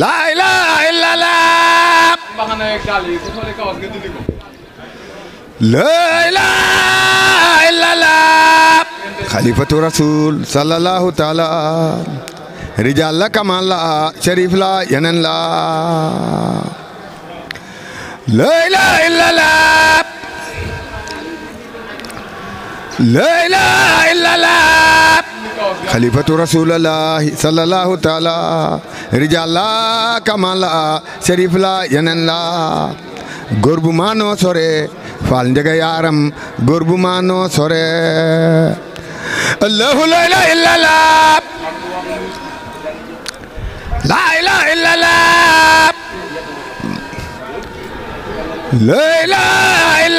laa ilaaha illallaah laa ilaaha illallaah xalifatu rasuul sallallahu taala rijaal la kamaan la sharif la yeneen la laa ilaaha illallaah laa ilaaha xalifatu rasulullahi sallallahu taala rijal la kamal la sharif la yeneen la góor bu maanoo sore faal njega yaaram góor bu maanoo sore allahu la ilaha illallah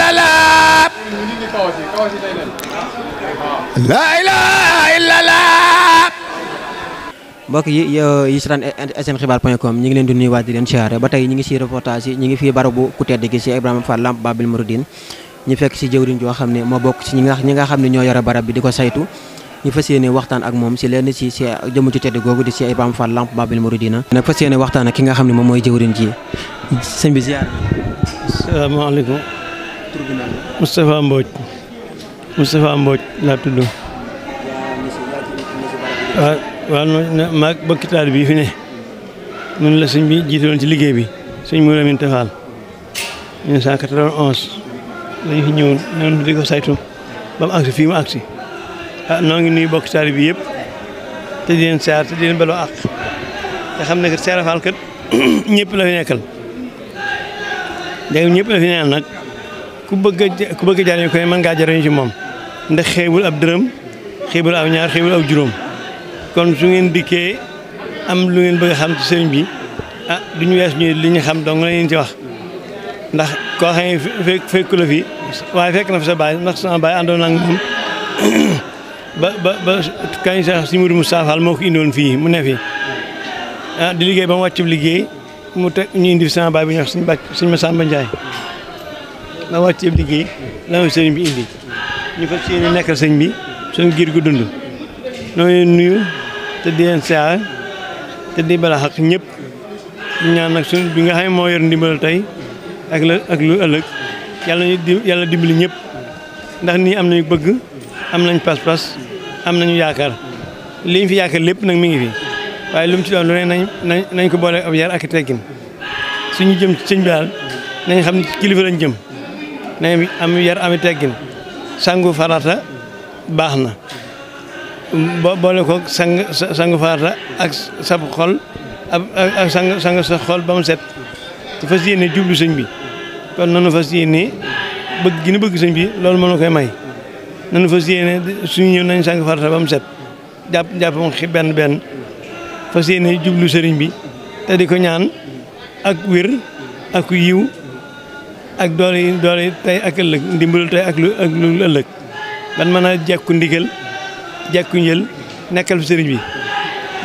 la la ilaha illallah mbokk yi yi si daan sn xibaar ñi ngi leen di nuyuwaat di leen xiaré ba tay ñi ngi ci reportage ñi ngi fii barabu ku tedd gi ci Ibrahim Fallam Babil Mouridin ñi fekk ci jeewriñ jo xamne mo bok ci ñi nga ñi nga xamne ne ñoo yore barab bi diko saytu ñi fassiyene waxtaan ak mom ci leen ci ci jëm ci tedd gogu di ci Ibrahim Fallam Babil Mouridine nak fassiyene waxtaan ak ki nga xamne mom moy jeewriñ ji sëñ bi ziar assalamu alaykum salaamaaleykum mustafa Mbodj Moustapha Mbodj laa tudd ah, waaw waaw maag bokki taalibe bi fi ne ñun la sëñ bi jiitaloon ci liggéey bi sëñ Mourou Amine Tafal 1991 lañu fi ñëwoon noonu di ko saytu ba mu agsi fii mu agsi ah noo ngi nuyu bokki taalibe bi yëpp te di leen saar te di leen baloo àq te xam ne kat Serigne Fall kat ñëpp la fi nekkal léegi ñëpp la fi nekkal nag ku bëgg a ku bëgg a jariñu ci moom ndax xeebul ab dërëm xeebul aw ñaar xeebul juróom kon su ngeen dikkee am lu ngeen bëgg a xam ci sëriñ bi ah du ñu wees ñu li ñu xam dong la ngeen ci wax ndax koo xam ne fekk fekku la fi waaye fekk na fi sa baay ndax sama baay àndoon ak ba ba ba kañ sax si Mourou Moustapha Fall moo ko indiwoon fii mu ne fi ah di liggéey ba mu wàcc liggéey mu teg ñu indi fi sama baay bi ñuy wax suñu bàcc suñu Massamba Ndiaye ma liggéey la ma sëriñ bi indi. ñu fas yéene nekkal sëñ bi suñu giir gu dund noo leen nuyu te di leen siyaare te di bala xaq ñëpp di ñaan nag suñu bi nga xam ne moo yor ndimbal tey ak la ak lu ëllëg yàlla ñu di yàlla dimbali ñëpp ndax nii am nañu bëgg am nañ pas-pas am nañu yaakaar liñ fi yaakaar lépp nag mi ngi fi waaye lu mu ci doon lu ne nañ nañ ko boole ab yar ak teggin suñu jëm sëñ bi daal nañ xam ne lañ jëm nañ am yar ami teggin sangu farata baax na boole ko sang sangu farata ak sab xol ak sang sang sa xol ba mu set te fas yéene jublu sëñ bi kon nanu fas yéene bëgg gi nu bëgg sëñ bi loolu mënu koy may nanu fas yéene suñu nañ sang farata ba mu set jàpp jàpp xi benn benn fas yéene jublu sëriñ bi te ko ñaan ak wér ak yiw ak doole doole tey ak ëllëg ndimbalu tey ak lu ak lu ëllëg ban mën a jàkku ndigal jàkku njël nekkal fi sëriñ bi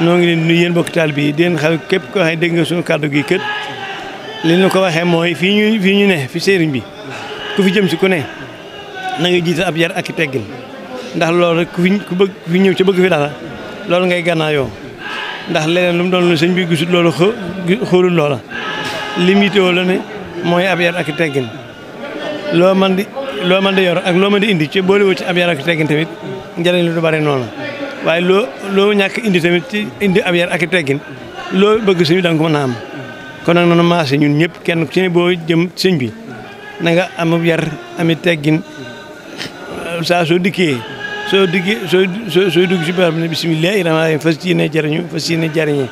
noo ngi leen nuyu yéen bokk taal bi di leen xam képp koo xam ne dégg nga suñu kàddu gi kët li ñu ko waxee mooy fii ñu fii ñu ne fi sëriñ bi ku fi jëm si ku ne na nga jiital ab yar ak i teggin ndax loolu rek ku fi ku bëgg fi ñëw ci bëgg fi dara loolu ngay gànnaayoo ndax leneen lu mu doon lu sëñ bi gisut loolu xóolul loola limité la ne mooy ab ak teggin loo man di loo man di yor ak loo man di indi ci boolewoo ci ab yar ak teggin tamit njëriñ li du bari noonu waaye loo loo ñàkk indi tamit ci indi ab yar ak teggin loo bëgg sëñ bi da nga ko mën am kon nag noonu maase ñun ñëpp kenn ku ci ne boo jëm sëñ bi na nga am yar ami teggin saa soo dikkee soo dikkee soo soo soo dugg si barab ne bisimilah rahmaani rahiim fas yéene jariñu fas yéene jariñe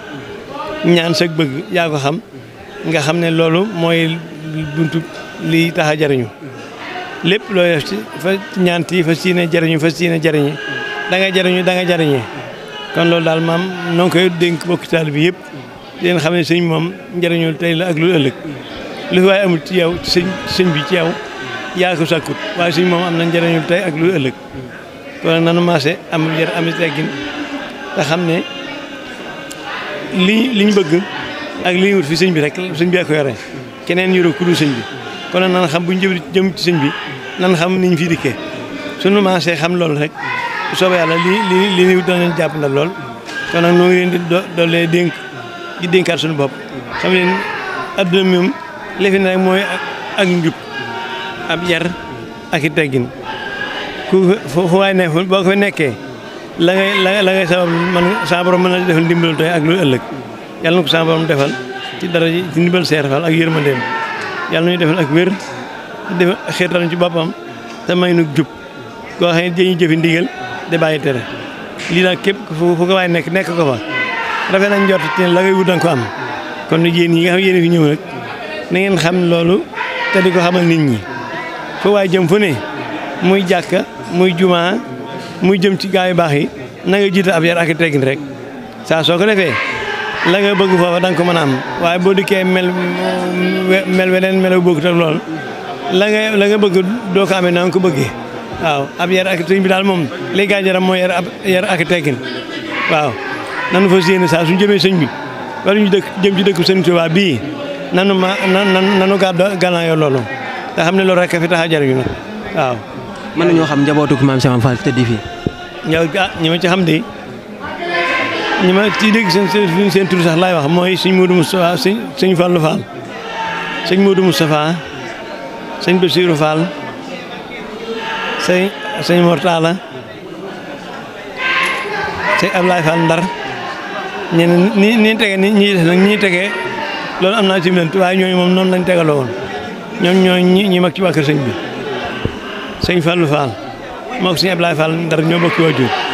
ñaan sag bëgg yaa ko xam nga xam ne loolu mooy buntu lii tax jariñu lépp looy def ci fa ñaanti fa siine jariñu fa siine jariñi da nga jariñu da nga jariñee kon loolu daal maam noo koy dénk bokki taal bi yëpp di xam ne sëñ moom njariñul tey la ak lu ëllëg lu fi waaye amul ci yow ci sëñ sëñ bi ci yow yaa ko sàkkut waaye sëñ moom am na njariñul tey ak lu ëllëg kon nanu maase amul jar am teggin te xam ne li li ñu bëgg ak li ñu wut fi sëñ bi rek sëñ bi yaa ko keneen yore ku dul sëñ bi nan xam bu ñu jëm jëm bi nan xam niñ fi dikkee suñu maasee xam lool rek bu soobee yàlla li li li ñu doon jàpp ndal lool kon nag noo ngi leen di doolee dénk di suñu bopp xam leen adduna moom lefi na rek mooy ak njub ab ak i ku fu waay ne boo ko nekkee la ngay la ngay sabab man saa borom mën na defal ndimbalu tey ak lu ëllëg yàlla na ko saa defal ci dara ji ci ndimbal cheikh fall ak yërmandeem yalla ñu defal ak wër def xeetal ci bopam te may nu jub koo xam ne dañuy ndigal de bàyyi téré li nag képp ko fu ko way nek nek ko fa rafé nañ jott ci la ngay wut danga ko am kon ñu yeen yi nga xam yéen fi ñëw rek na ngeen xam loolu te diko xamal nit ñi fu way jëm fu ne muy jàkka muy juma muy jëm ci gaay yu baax yi na nga jitt ab yar ak teggin rek sa so ko defee la nga bëgg fofu dang ko mëna am waye bo diké mel mel wenen melaw bëgg tak lool la nga la nga bëgg do ko amé nang ko bëggé waaw ab yar ak sëñ bi dal mom li gaa jaram yar ab yar ak teggin waaw nanu fa séen sa suñu jëmee señ bi wala ñu dëkk jëm ci dëkk señ tuba bi nanu ma nanu gàddu galan yo lool da xamné ne rek fi tax a jariñu waaw man ñu xam njabootu maam Cheikh Fall te fii ñëw ah ñi ci xam di ñi ma ciy dégg seen seen seen tur sax laay wax mooy sëñ Modou Moustapha sëñ sëñ Fallou Fall sëñ Modou Moustapha sëñ Bassirou Fall sëñ sëñ Mortala sëñ Ablaye Fall Ndar ñeneen ñi ñi tege ñi ñi des nag ñi tege loolu am naa ci mbént waaye ñooñu moom noonu lañ tegaloo woon ñoom ñoo ñi ñi mag ci waa kër sëñ bi sëñ Fallou Fall moog sëñ Ablaye Fall Ndar ñoo bokk waajur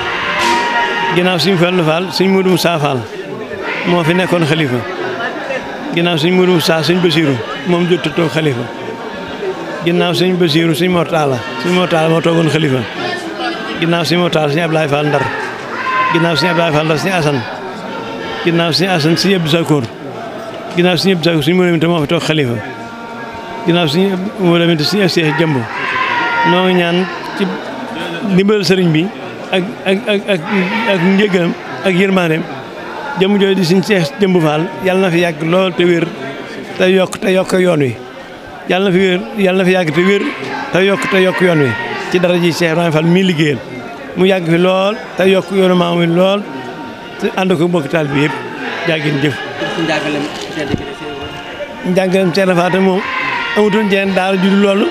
ginnaaw suñ Fallu Fall suñ Mudu Musaa Fall moo fi nekkoon xalifa ginnaaw suñ Mudu Musaa suñ Basiiru moom jot a toog xalifa ginnaaw suñ Basiiru suñ Mortala suñ Mortala moo toogoon xalifa ginnaaw suñ Mortala suñ Ablaay Fall Ndar ginnaaw suñ Ablaay Fall Ndar suñ Asan ginnaaw suñ Asan suñ Abdu Sakoor ginnaaw suñ Abdu Sakoor suñ Mudu moo fi toog xalifa ginnaaw suñ Mudu suñ Seex Jëmb noo ngi ñaan ci ndimbal sëriñ bi ak ak ak yërmaaneem jëm jooy di suñ Jëmb Faal yàlla na fi yàgg lool te wér te yokk te yokk yoon wi yàlla na fi wér yàlla na fi yàgg te wér te yokk te yokk yoon wi ci dara ji Seex Ibrahima Faal mi liggéeyal mu yàgg fi lool te yokk yoonu maam wi lool te ànd ko mbokk taal bi yëpp jàggeen jëf njàngalem Seex Faal moom amutoon jeneen daara ju loolu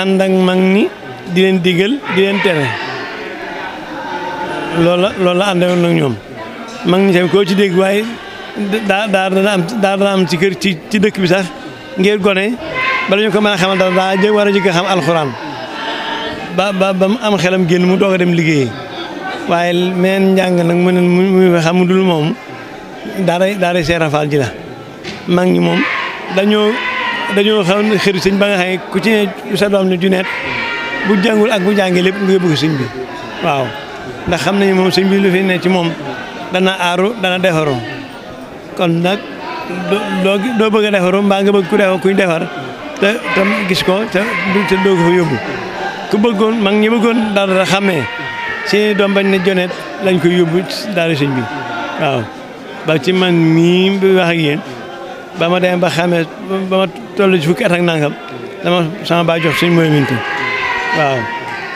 ànd ak mag ni di leen digël di leen tere loolu la loolu la ànd woon nag ñoom mag ñi tamit koo ci dégg waaye daa daa dana am ci kër ci ci dëkk bi sax ngir gone bala ñu ko mën a xamal dara daa jë war a jëkk xam alxuraan ba ba ba am xelam génn mu doog a dem liggéeyi waaye meen njàng nag mu ne muy xam mu dul moom daara daara Seera Faal ji la ñi moom dañoo dañoo xam xëri sëñ ba nga xam ku ci ne sa doom ne junet bu jàngul ak bu jàngee lépp nga bëgg sëñ bi waaw ndax xam nañu moom sëñ bi lu fi ne ci moom dana aaru dana defaru kon nag doo doo bëgg a defaru mbaa nga bëgg ku defar kuñ defar te gis ko te te doo ko fa yóbbu ku bëggoon mag ñi bëggoon dara xamee seeni doom bañ ne jonet lañ koy yóbbu daara sëñ bi waaw ba ci man mii bi wax bama yéen ba ma dem ba xamee ba ma nangam dama sama ba jox sëñ mooy waaw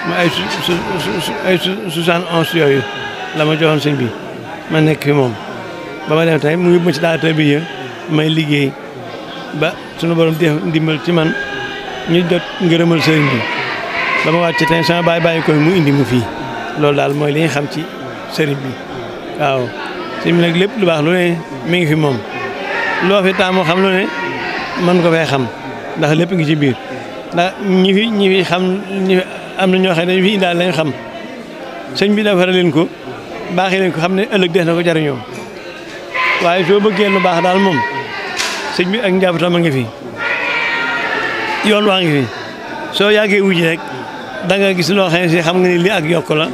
Maar ze, ze, ze, ze, ze zijn anxieus. Laat maar zo'n zin bij. Maar nek gewoon. ba ma dem tey mu yóbbu ma ci daal tarbiya may liggéey ba sunu borom def ndimbal ci man ñu jot ngërëmal sëriñ bi ba ma wàcc tey sama baay bàyyi koy mu indi ma fii loolu daal mooy li nga xam ci sëriñ bi waaw sëriñ bi nag lépp lu baax lu ne mi ngi fi moom loo fi taamu xam lu ne man ko fay xam ndax lépp ngi ci biir ndax ñi fi ñi fi xam ñi fi am na ñoo xam ne daal fi xam sëñ bi defaral leen ko baaxee leen ko xam ne ëllëg des na ko jariñoo waaye soo bëggee lu baax daal moom sëñ bi ak njabootam a ngi fi yoon waa ngi fi soo yàggee wuji rek da gis loo xam si xam nga ni lii ak yokk la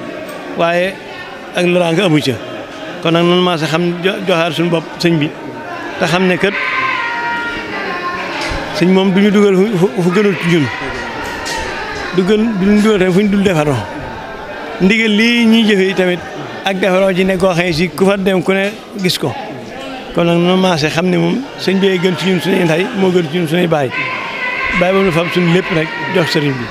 waaye ak loraa nga amu ca kon nag noonu maa sa xam joxaar suñu bopp sëñ bi te xam ne kët sëñ moom du ñu dugal fu gënul ci ñun du gën du ñu dugal tamit fu ñu dul defaroo ndigal lii ñuy jëfee tamit ak defaroo ci nekk koo xam si ku dem ku ne gis ko kon nag noonu maase xam ne moom sëñ bi gën ci ñun suñuy ndey moo gën ci ñun baay baay bàyyi ba mu fab suñu lépp rek jox sëriñ bi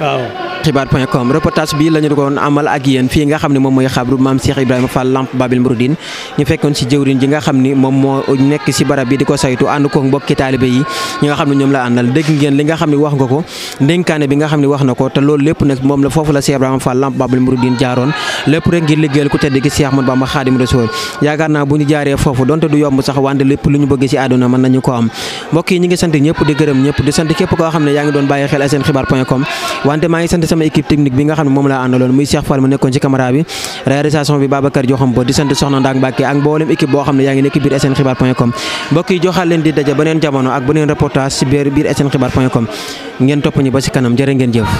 waaw. xibaar.com reportage bi lañu doon amal ak yeen fi nga xamni mom moy mooy xabru maam Cheikh Ibrahima Fall Lamp Babil Mouridine ñu fekkon ci jëwriñ ji nga xamni mom mo nekk ci barab bi diko saytu and ko mbokki taalibe yi ñi nga xamni ñom la andal dégg ngeen li nga xamni wax nga ko denkané bi nga xamni wax nako ko te loolu lépp nag moom la fofu la Cheikh Ibrahima Fall Lamp Babil Mouridine jaaroon lepp rek ngir liggéeyal ku tedd ki Cheikh Ahmadou Bamba Khadim Rasoul yaakaar na buñu jaaré fofu donte du yomb sax wande lepp luñu bëgg ci aduna man nañu ko am mbokki ñi nga sant ñepp di gëreem ñepp di sant képp ko xamni yaangi yaa ngi doon bàyyi xel sn xibaar.com wante ma ngi sant sama équipe technique bi nga xam ne moom laa àndaloon muy Cheikh Fall mu nekkoon ci caméra bi réalisation bi Babacar bo di sant soxna Ndak Mbacke ak mboolem équipe boo xam ne yaa ngi nekk biir sn xibaar point com mbokk leen di daje beneen jamono ak beneen reportage biir biir sn xibaar point ngeen topp ñu ba ci kanam jërë ngeen jëf